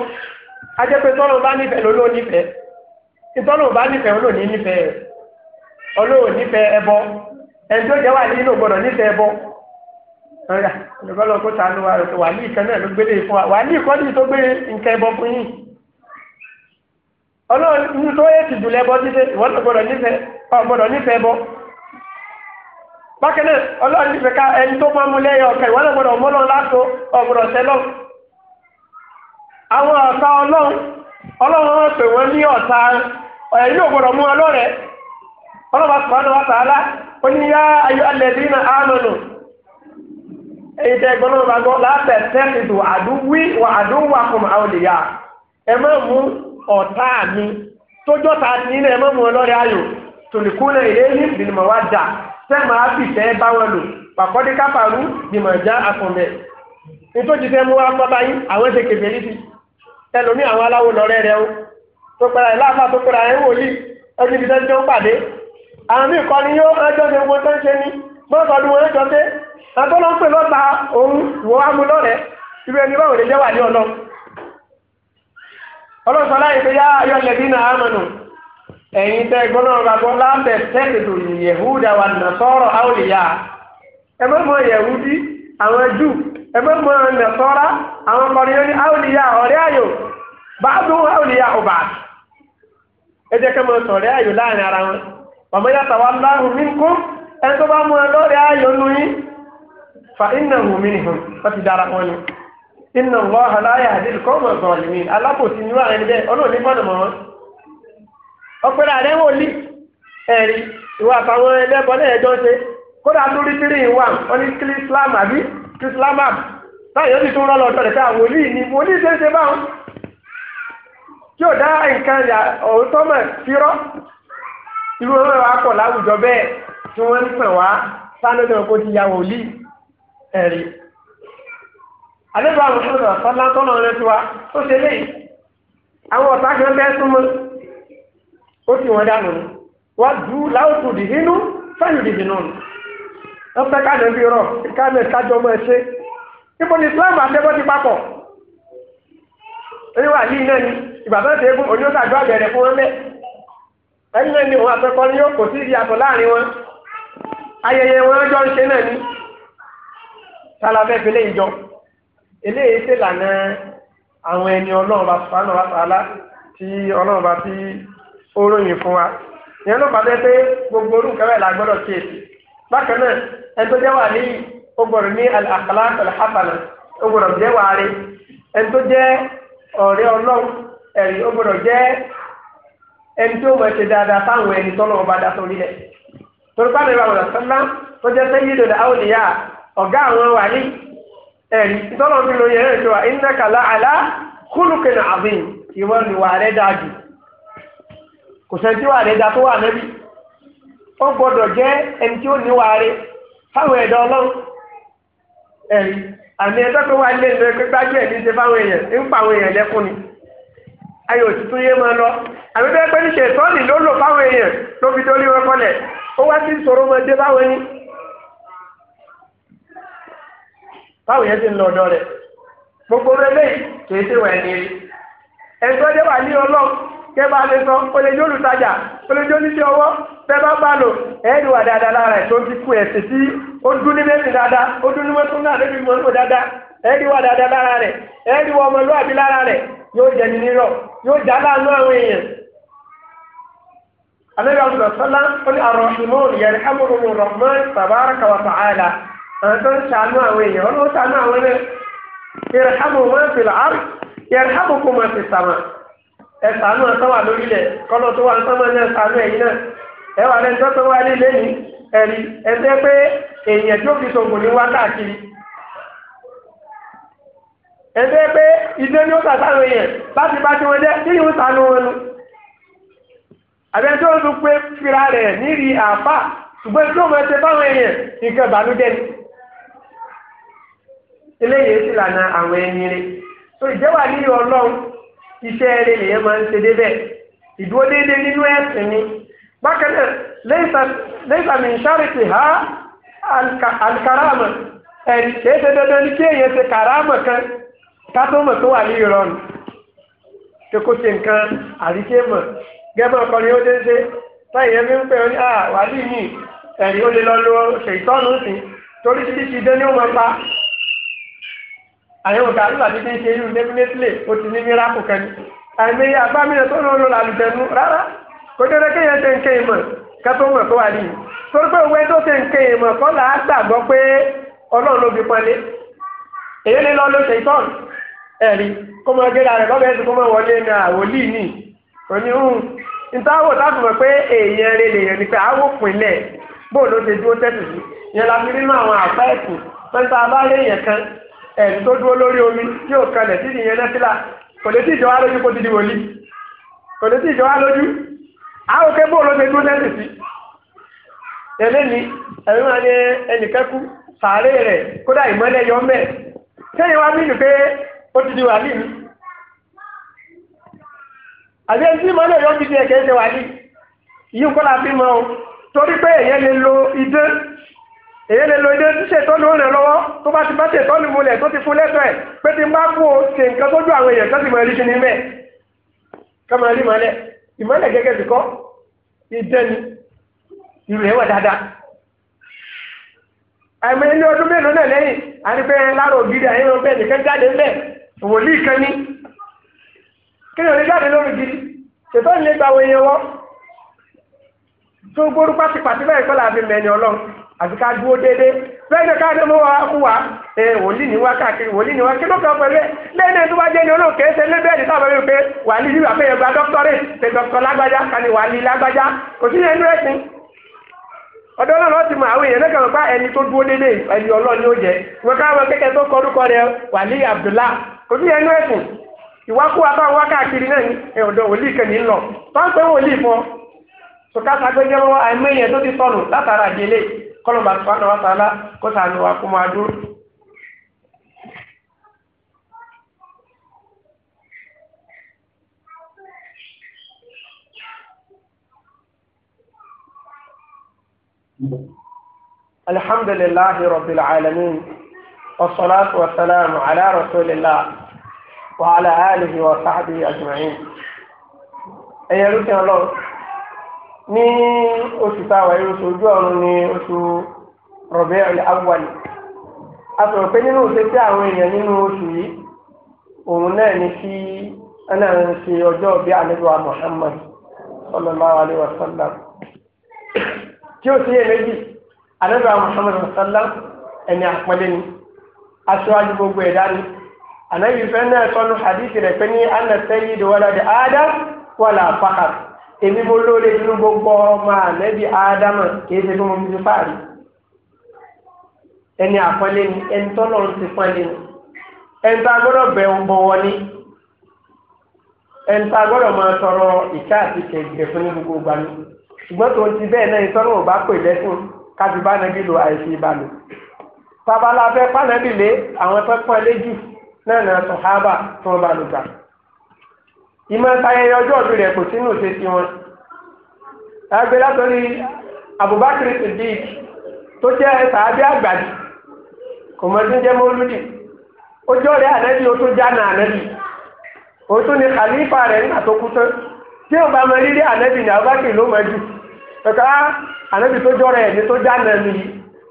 a jẹ́ pé tọ́lọ́ bá nífẹ̀ẹ́ ló ló nífẹ̀ẹ́ ìtọ́lọ́ bá nífẹ̀ẹ́ ló ní nífẹ̀ẹ́ ọlọ́run nífẹ̀ẹ́ ẹbọ ẹni tó jẹ́ wàlí inú gbọ́dọ̀ nífẹ̀ẹ́ ẹbọ ọ̀rẹ́ ìgbọ́lọ́ kó ta ló wà rẹ̀ wàlí kan náà ló gbélé fún wa wàlí ìkọ́ni tó gbé nǹkan ẹbọ fún yín ọlọ́run tó yẹ ti jùlẹ̀ bọ́ bákan náà ọlọ́run nífẹ̀ẹ́ ká ẹni tó máa mú lẹ́yìn ọ̀kẹ́ ìwọ́n náà gbọ́dọ̀ mọ́lọ́ látó ọ̀gbọ̀dọ̀ tẹ́lọ̀ àwọn ọ̀tá ọlọ́run ọlọ́run wọn pè wọ́n ní ọ̀tá ẹ̀yìn mú ọlọ́rẹ̀ ọlọ́run ó ní yá ayọ́ náà tòlìkúnlẹ̀ ìlérí bìnnìmọ̀ wá dà sẹ́mà á fi fẹ́ bá wọn lò pàkọ́dé kápárù bìnnìmọ̀ já àfọ̀mẹ́ nítorí fẹ́ mú wá pátá yín àwọn ṣe kèfé níbi ẹlòmí àwọn aláwo lọ́rẹ́ rẹ o tó pẹ́ra ẹ̀ láàfà tó ẹni ń pàdé àwọn ni yóò tó ń ṣe ni wọn pé pè òun mú ibi ẹni báwo lè wà ní ẹ̀yin tẹ́ gbọ́dọ̀ ọba gbọ́ láǹtẹ̀ tẹ́kìtù yẹ̀húdà wà nàṣọ́rọ̀ àwòlìyà ẹ má mọ yẹ̀húdí àwọn jù ẹ má mọ nàṣọ́rá àwọn kọ̀ọ̀nìyàn ní àwòlìyà ọ̀rẹ́ àyò báàbù àwòlìyà ọba ẹ jẹ́ kẹ́ mọ sọ̀rẹ́ láàrin ara wọn wà kú ẹ tó bá nù yín fa iná hù mí ti dára wọn ni iná láyà ọpẹlẹ àrẹ wò ní ẹrí ìwà àtàwọn ẹlẹbọ lẹẹjọ ṣe kódà tó rí tírì wà wọn ní kí islam àbí kí islam àb táyọ̀ tún rọlọ ọ̀dọ̀ rẹ̀ pé àwọn wòlíì ni wòlíì ṣe ń ṣe báwọn tí ò dá nǹkan ọ̀tọ́ mọ̀ sí rọ́ irú ọmọ wa pọ̀ láwùjọ bẹ́ẹ̀ tí wọ́n ń pẹ̀ wá sánúdẹ̀ kó ti ya wòlíì ẹ̀rí àdébà mùsùlùmí ọ̀sán látọ́nà rẹ̀ tiwa tó ṣe léyìí àwọn ọ̀tá ó sì wọn dànù ní wọ́n ju láwùjọ dì nínú fẹ́yìn dì nínú ní. wọ́n fẹ́ ká lẹ́bi rọ̀ ká lẹ́ kájọ ọmọ ẹ̀ ṣe ibo ni Islam àtẹ́bọ́ ti papọ̀ èyí wà yìí náà ni ìgbàgbọ́ tẹ egun òní ó sàjọ àbẹ̀rẹ̀ fún wọn bẹ́ẹ̀ ẹni náà ni òun àtọkọ ni yóò kò sí ìdí àtọ̀ láàrin wọn ayẹyẹ wọn jọ ń ṣe náà ni tálàfẹ́ fẹlẹ́ ìjọ eléyìí ṣe lànà àwọn ẹni ọlọ́run bá sùpánù wá sàlá tí ọlọ́run oróyìn fún wa ìyẹn ló pé gbogbo orú kẹfẹ la gbọ́dọ̀ kíyèsí bákan náà ẹni tó jẹ wà ní ó ní àkàlà àkàlà ó gbọ́dọ̀ jẹ wàárí ẹni tó jẹ ọ̀rẹ́ Ọlọ́run ẹrí ó jẹ ẹni tó mọ ẹsẹ dáadáa táwọn ẹni ọba dá sórí rẹ sọlá tó jẹ sẹyìn àwọn kò sẹ́ni wà lè tó wà nẹ́bí ó gbọ́dọ̀ jẹ́ ẹni tí ó níwàárí fáwọn ẹ̀dọ́ ọlọ́run ẹ̀rí àmì ẹ̀dá tó wà ní ẹgbẹ́ gbájú ẹ̀ ní ṣe fáwọn èèyàn ń pa àwọn èèyàn lẹ́kùn ni ayò yé máa lọ àmì bẹ́ẹ̀ pé ṣe ló lò fáwọn èèyàn ló fi wọn kọlẹ̀ ó wá sí ìṣòro wọn dé báwọn ní báwọn yẹn kẹba lè sọ olèjó olùtajà olèjó oníṣẹ́ ọwọ́ tẹ́bá bá lò ẹ̀ẹ́dù wà dáadáa lára ẹ̀ tó ti kú ẹ̀sìn tí ó dún ní mẹ́sìn dáadáa ó dún ní mẹ́sìn náà lórí mọ́tò dáadáa ẹ̀ẹ́dù wà dáadáa lára rẹ̀ ẹ̀ẹ́dù wà ọmọlúwàbí lára rẹ̀ yóò jẹni nírọ̀ yóò já láàánú àwọn èèyàn. àlejò àti sọ́lá ó ní àrùn ìmọ̀ọ́nù yẹn hàmúrùmù rọ̀mọ́ tabaraka wa ẹ̀sánú ẹ̀sán wà lórílẹ̀ kọ́lọ́ tó wà sánmọ́ ní ẹ̀sánú ẹ̀yìn náà ẹwà wà lẹ́nu tó wà ní lẹ́nu ẹ̀rí ẹ̀sẹ̀ pé èèyàn tó fi sòǹgò ní wá káàkiri pé ìdé ó láti bá tí wọ́n jẹ́ kí ni ó sànú wọn nu àbẹ̀ tó pé fira rẹ̀ níri ó ẹsẹ̀ iṣẹ́ eré nìyẹn máa ń ṣe débẹ̀ ìdúró déédéé nínú ẹ̀sìn ni bákan náà lẹ́yìn àmì ìṣàrìtì ha alikaraama ẹ̀rí kìí ṣe dandan ní kí èèyàn ṣe karaama kan kátó tó wà ní ìrọ̀rùn kókó ṣe nǹkan àríkè mọ̀ gẹ́gẹ́ ọkọ ni ó dé ṣe táyì ẹbí ń pè ọ́ ní à ah, wàlíì yìí ẹ̀rí ó lè lọ lo ṣèyítọ́nù sí torí títí dé ní ó pa àyẹ̀wò kàrí àti tí ń yu irú definitely ó ti ní miracle kan ní àìmí agbámíyàn tó lọ́ọ́ lọ́ọ́ rárá kò dédé kéèyàn ṣe nǹkan ìmọ̀ kẹ́tọ́ mọ̀ tó wà ní yìí torí pé òwe tó ṣe ìmọ̀ kọ́ là á gbàgbọ́ pé ọlọ́run ló fi pọnlé èyí ló ṣe ìtọ́n ẹ̀rí kó mọ rẹ̀ kó mọ wọlé ní àwòlí òní hùn mọ̀ pé èèyàn rẹ̀ ẹni tó dúró lórí omi tí ò kalẹ̀ tí ìyẹn lẹ́sílà kò lè tí ìjọba lójú kó ti di wòlíì kò lè tí ìjọba lójú àwọn kébò ló ti dúró lẹ́sìn sí. eléni ẹ̀rí wọn ni ẹnìkẹ́kù sàárè rẹ̀ kódà ìmọ́lẹ̀ yọ mẹ́ẹ̀ sẹ́yìn wá mí nù pé ó ti di wàlíì mi. àbí ẹni tí ìmọ́lẹ̀ yọ mi di ẹ̀kẹ́ ṣe wàlíì yìí kọ́ la fi mọ́ o torí pé èèyàn lè lo idán èyí lè lo ilé ṣe tọ́nu ó ràn lọ́wọ́ tó bá ti bá ṣe tọ́nu múlẹ̀ tó ti fún lẹ́tọ̀ ẹ̀ pé ti bá kú o ṣe nǹkan tó dún àwọn èèyàn tó ti mọ̀ rí kíni mẹ́ kọ́mọ̀ rí mọ́lẹ̀ ìmọ́lẹ̀ gẹ́gẹ́ bí kọ́ ìdẹ́ni ìlú ẹ̀wọ̀ dáadáa àmì ilé ọdún mélòó náà lẹ́yìn àdìpẹ́ lára ògidì àyẹ̀wò bẹ́ẹ̀ nìkan jáde ń bẹ̀ wòlíì kan ní kí ni oníjáde lórí gidi ṣètò ìlẹ́gbàwọ̀ èèyàn wọ́n tó gbórúkọ pàtìpàtì báyìí kọ́ làbí mẹ́ni ọlọ́run àti ká dúró dédé lẹ́yìn ká dé mú wa fún wa ẹ wòlíì ní wá káàkiri wòlíì ní wá kí ló kàn pẹ̀lú lẹ́yìn tó bá jẹ́ ní olóòkè ṣe lébẹ́ẹ̀dì táwọn ẹ̀rọ pé wà ní ìlú àpẹyẹ gba dọ́kítọ́rì ṣe dọ́kítọ́ lágbájá kan ní wà ní lágbájá kò sí ẹnu ẹ̀sìn ọ̀dọ́ náà lọ́ọ́ ti mọ àwọn èèyàn lẹ́kàn pa ẹni tó dúró dédé ẹni ọlọ́ọ̀ni ó jẹ wọn káwọn kẹ́kẹ́ Abdullah kò sí ẹnu ẹ̀sìn ìwákúwà bá wá káàkiri náà ní ọ̀dọ̀ wòlíì kan ní lọ tó ń pẹ́ wòlíì fún ọ sọ̀kásá gbẹ́jẹ́ wọn àìmọ́ èèyàn tó ti sọnù látara àdélé kọlọmọ àtúwánà wa tààlà kọta àná wa kó máa dúró. الحمد لله رب العالمين والصلاة والسلام على رسول الله وعلى آله وصحبه أجمعين أيها الأخوة ní oṣù táwa yìí oṣù ojú ọ̀run ní oṣù Rabi'ul Awwal a sọ̀rọ̀ pé nínú oṣù tí àwọn èèyàn nínú oṣù yìí òun náà ní kí ẹnà ń ṣe ọjọ́ bí àlejò Muhammad sallallahu alaihi wasallam tí ó sì yé méjì àlejò Muhammad sallam ẹni àpọ́nlé ni aṣáájú gbogbo ẹ̀dá ni ànábì fẹ́ náà sọ́nu hadith rẹ̀ pé ní anna sayyidu walad Adam wala faqar èmi mo lóore nínú gbogbo ọmọ ànẹ́bí ádámà kìí ṣe fún mi fi fáàrí ẹni àpọ́nlé ni ẹni tọ́lọ̀ ń ti pọ́nlé ni ẹni tá a gbọ́dọ̀ bẹ̀ ń bọ̀wọ̀ ni ẹni tá a gbọ́dọ̀ máa tọrọ ìka àti kẹ̀kẹ́ fún ní gbogbo gbani ṣùgbọ́n tó ti bẹ́ẹ̀ náà ìtọ́nà ò bá pè lẹ́sùn káfí bá nàbí lo àìsí ìbàlù tábàlà fẹ́ pànàbí àwọn tó pọ́nlé jù náà náà sọ̀hábà Ime ayẹyẹ ọjọ́ ọdún rẹ̀ kò sínú ṣe sí wọn. àgbẹ̀ látọ̀rí Abubakar Siddiq tó jẹ́ sàábí àgbàdì kò mọ̀ sí jẹ́ mọ́lúdì ojú ọ̀rẹ́ ànẹ́bí o tó jána ànẹ́bí o tún ní khalifa rẹ̀ nígbà tó kú tán tí o bá mọ rírí ànẹ́bí ní Abubakar ló jù kàkà ànẹ́bí tó jọ rẹ̀ ní tó jána mi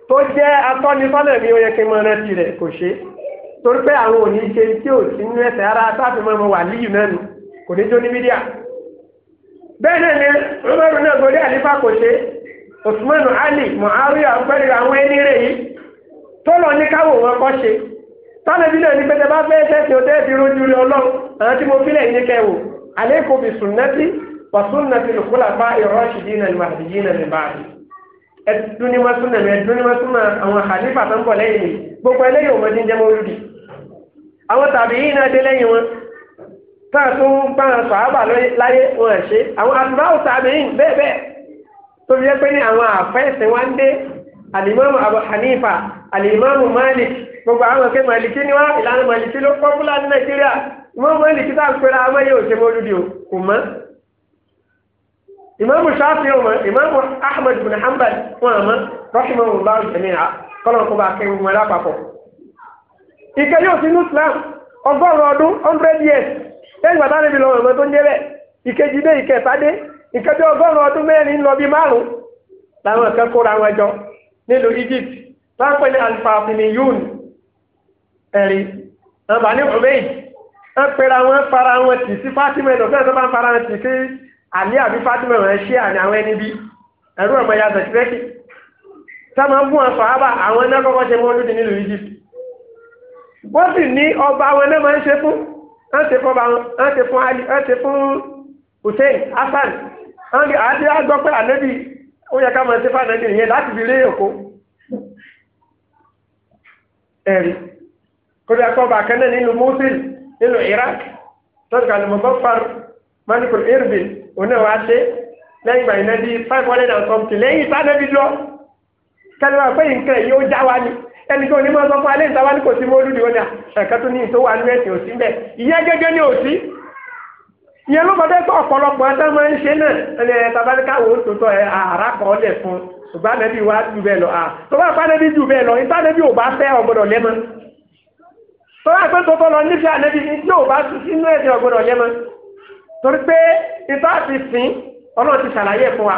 tó jẹ́ atọ́nisọ́nà mi ó yẹ kí n ara kò ní jó ní mídíà bẹ́ẹ̀ náà ni Umaru náà gorí àlífà kò ṣe Usman Ali Muawiya pẹ̀lú àwọn ẹni rẹ̀ yìí tó lọ ní káwọ̀ wọn kọ́ ṣe tánàbí náà ní pẹ́tẹ́ bá fẹ́ tẹ́sí o tẹ́sí rojú rí ọlọ́run àwọn tí mo fílẹ̀ ní kẹwò àlékò bí sùnnẹ́tì wà sùnnẹ́tì lùkúlà bá ìrọ́ ṣìdí náà níwà àdìjí náà ní báyìí ẹdúnímọ̀ súnà mi ẹdúnímọ̀ súnà àwọn àlífà tó ń bọ̀ lẹ́yìn mi gbogbo ẹlẹ́yìn òmọdé ń olùdí àwọn tàbí yìí náà dé lẹ́yìn wọn táà tó ń bá wọn sàábà láyé wọn ẹ̀ ṣe àwọn àtúbáwò sàbẹ̀yìn bẹ́ẹ̀ bẹ́ẹ̀ tó fi jẹ́ pé ní àwọn àfẹ́sẹ̀ wá ń dé alimami abu hanifa alimami malik gbogbo àwọn akẹ́ maliki ni wá ìlànà maliki ló pọ́pùlà ní nàìjíríà ìmọ̀ maliki tá à ń pera ọmọ yóò ṣe mọ́lúdi o kò mọ́ ìmọ̀mù ṣáfi ọmọ ìmọ̀mù ahmed bin hanbal wọn àmọ́ rọ́ṣìmọ̀ wọn bá ṣẹlẹ̀ à kọ́lọ̀ kó bá kẹ́ wọn lápapọ̀ ìkẹyọ̀ sínú islam ọgọ́rùn-ún ọdún hundred years lẹ́yìn bàtà níbi lọ́wọ́ ọ̀gbọ́n tó ń débẹ̀ ìkejì dé ìkẹta dé ìkẹjọ ọgọ́rùn-ún ọdún mẹ́rin ń lọ bíi márùn-ún làwọn wọn jọ nílùú Egypt láńpẹ́ ní alifafini yún ẹ̀rí ọba ní ọ̀bẹ́yì ẹ pera wọn fara wọn tì sí Fatima ẹ̀dọ̀ fẹ́ẹ́ tó bá ń fara wọn tì sí àní àbí Fatima wọn ṣí àní àwọn ẹni bí ẹ̀rú ọmọ ya sẹ̀tìrẹ́kì sábà fún wọn fàábà àwọn ẹni akọ́kọ́ ṣe wọn lóde nílùú Egypt wọ́n sì ní ọba àwọn ẹni máa ń ṣe fún wọ́n ti fún bàwọn wọ́n ti fún ali wọ́n ti fún hussein hasan wọ́n ti àti àgbọ̀ pé ànábì ó yẹ ká máa ṣe fún ànábì yẹn láti fi lé èkó ẹ̀rí kódà kọ́ bá kẹ́nẹ́ nínú mosul nínú iraq tọ́jú kan lọ́mọ bọ́far manikul irbil òun náà wá ṣe lẹ́yìn ìgbà yìí náà di five hundred and something lẹ́yìn ìtàn náà bí lọ kẹ́lẹ́ wá pé nǹkan yìí ó já wa ni ẹni tó ní máa sọ fún alẹ́ ìtawá ní kò sí mọ́lúdì ó ní ẹ̀ka tó ní ìtòwà ní ẹ̀sìn òsì bẹ́ẹ̀ ìyẹn gẹ́gẹ́ ní òsì ìyẹn ló fọdẹ́ pé ọ̀pọ̀lọpọ̀ ẹ̀ta máa ń ṣe náà ẹni tabalika wo tòótọ́ ẹ ara kọ́ lẹ̀ fún ṣùgbọ́n anabi wa ju bẹ́ẹ̀ lọ à tó bá pa anabi ju bẹ́ẹ̀ lọ ìta anabi ò bá fẹ́ ọ̀gbọ́dọ̀ lẹ́mọ tó bá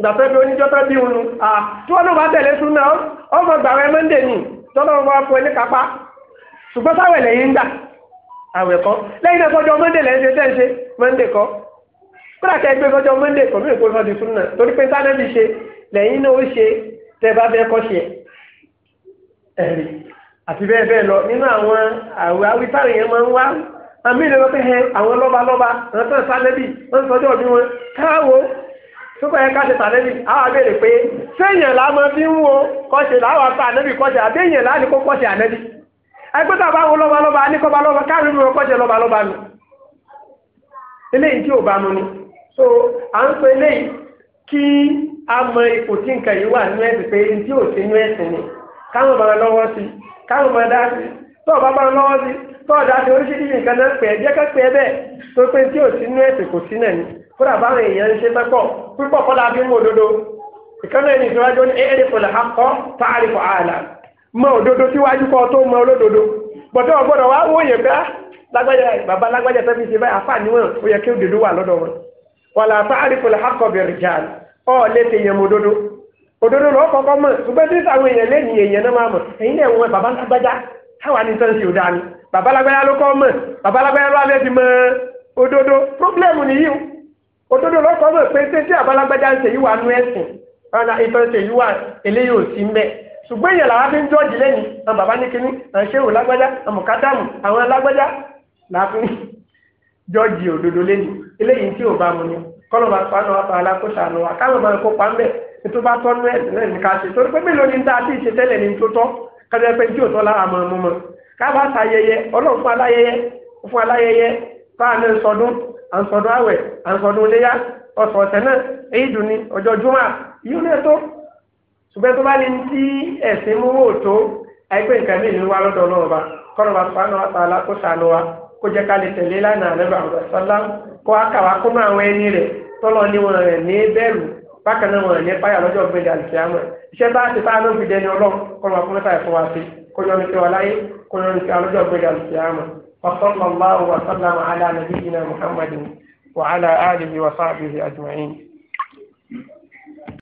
gbàtọ́ bí oníjọ́tọ́ bí òun à tí wọ́n náà bá tẹ̀lé súnà ọmọ gbàwé mọ́ndé ni tọ́lọ́ wọn bá fún ẹ ní kápá ṣùgbọ́n sáwẹ̀ lẹ́yìn ń dà àwẹ̀ kọ́ lẹ́yìn náà kọjọ́ mọ́ndé lẹ́yìn ṣe tẹ́ǹṣe mọ́ndé kọ́ kódà kẹ́ gbé kọjọ́ mọ́ndé kọ́ mí ìkó sọ́dí súnà torí pé sáná bí ṣe lẹ́yìn náà ó ṣe tẹ́ bá fẹ́ kọ́ ṣe ẹ̀rí àti bẹ́ẹ̀ bẹ́ẹ̀ lọ nínú àwọn àwẹ̀ awítáwọn yẹn máa ń wá àmì ìlẹ́wọ́ pé àwọn lọ́balọ́ba àwọn tó ń sáná súpọ̀ ẹ̀ka ṣe tànẹ́bì àwọn abẹ́rẹ̀ pé séèyàn lámọ́ bí ń wo kọ́ṣe láwọn apá ànẹ́bì kọ́ṣe àbẹ́yàn kó kọ́ṣe ànẹ́bì lọ́balọ́ba ní kọ́balọ́ba káàrin kọ́ṣe lọ́balọ́ba mi so à ń pe eléyìí kí a mọ ipò tí nǹkan yìí wà nínú ẹ̀sìn pé ní tí ò sí nínú ẹ̀sìn ni káwọn máa lọ́wọ́ sí káwọn máa dá sí tó ọba máa lọ́wọ́ sí tó ọ̀dà oríṣiríṣi nǹkan náà kódà báwọn èèyàn ń ṣe pẹ́pọ̀ púpọ̀ kọ́dà bí mú òdodo ìkànnì ẹni ìṣíwájú ní ẹni pẹ̀lú akọ́ táàrí kọ́ àlà mọ òdodo síwájú kọ́ tó mọ olódodo bọ̀dọ̀ ọgbọ́dọ̀ wá wòye pé ah, lágbájá bàbá lágbájá tẹ́fi ṣe báyìí afá níwọ̀n ó yẹ kí òdodo wà lọ́dọ̀ wọn wàlà táàrí bẹ̀rẹ̀ jà lẹ́tẹ̀ lọ kọ́kọ́ mọ̀ òdodo lọ́sọ̀ọ́ mọ̀ pé ṣé tí àbálágbádá ń ṣèyí wà nú ẹ̀sìn ọ̀nà ìtàn ṣèyí wà eléyìí ò sí mbẹ́ ṣùgbọ́n èèyàn làwọn fi ń jọ́ọ̀jì lẹ́yìn àwọn bàbá ní kínní àwọn ṣéwù lágbájá àwọn kádàmù àwọn lágbájá làáfin jọ́ọ̀jì òdodo lẹ́yìn eléyìí tí ò bá mu ni kọ́nà bá pa náà fàálà kó ṣàánú wa káwọn máa kópa ńbẹ̀ ètò bá tọ́ nú ẹ̀sìn náà ní ká ṣe torí pé mélòó ni dáa tí ì ṣe tẹ́lẹ̀ ní tó tọ́ kájọ pé tí ò à ń sọdún àwẹ̀ à ń sọdún iléyà ọ̀sọ̀ ọ̀sẹ̀ náà èyí dùn ní ọjọ́ júmọ́ yóò náà tó ṣùgbọ́n tó bá ní tí ẹ̀sìn mú wò tó àìpé nǹkan mìíràn ní lọ́dọ̀ àtàlà kó sànù wa kó jẹ́ ká lè tẹ̀lé lánàá lẹ́bàá ọ̀rọ̀ sọ́lá kó wá kó mọ àwọn ẹni rẹ̀ ní wọn rẹ̀ ní bẹ́ẹ̀rù bákan náà wọn rẹ̀ ní وصلى الله وسلم على نبينا محمد وعلى آله وصحبه أجمعين